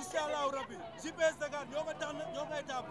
incha allahu rabbi JPS Dakar ñoo ma tax na ñoo may tàbb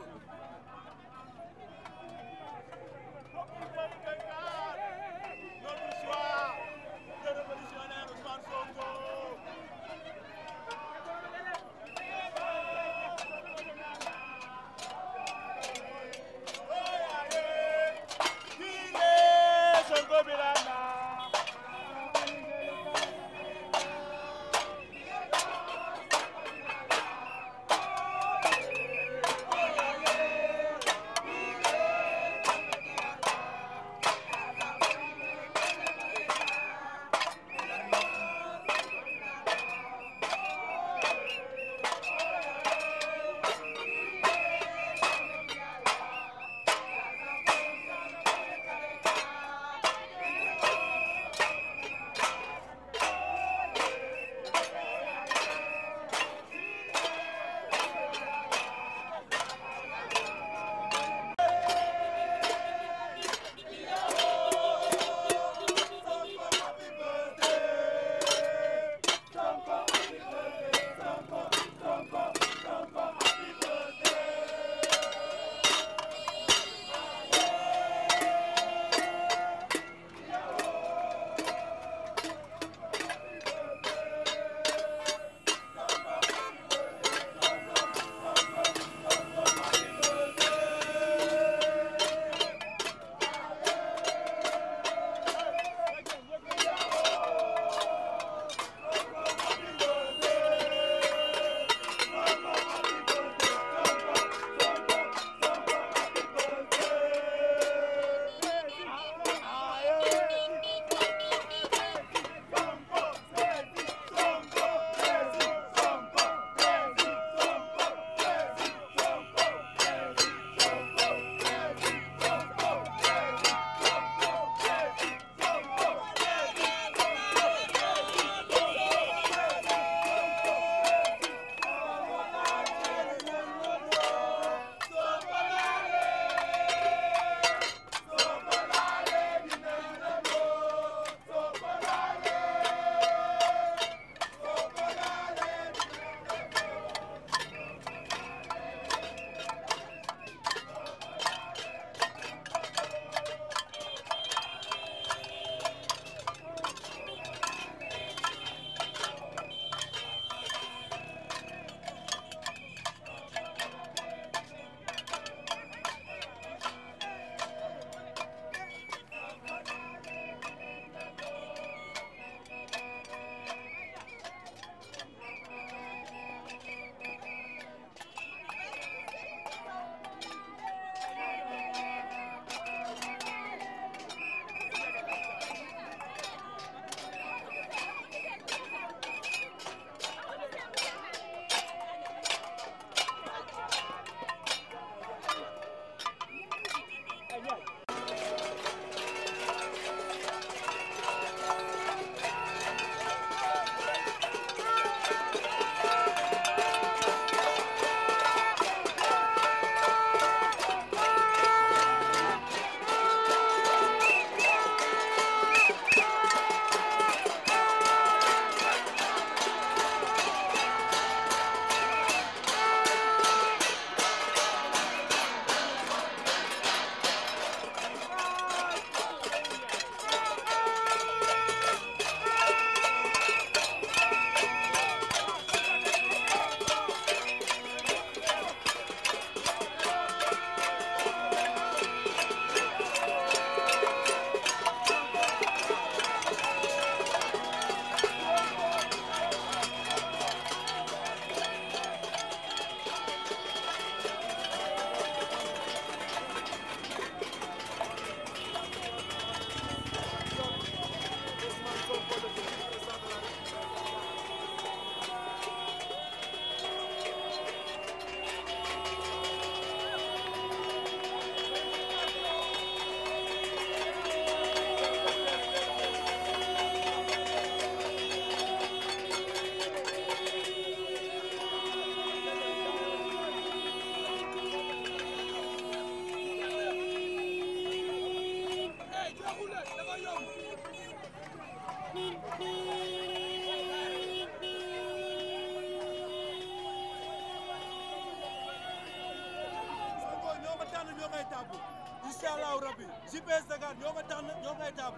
incha allahu rabbi JPS Dakar ñoo ma tax na ñoo may tàbb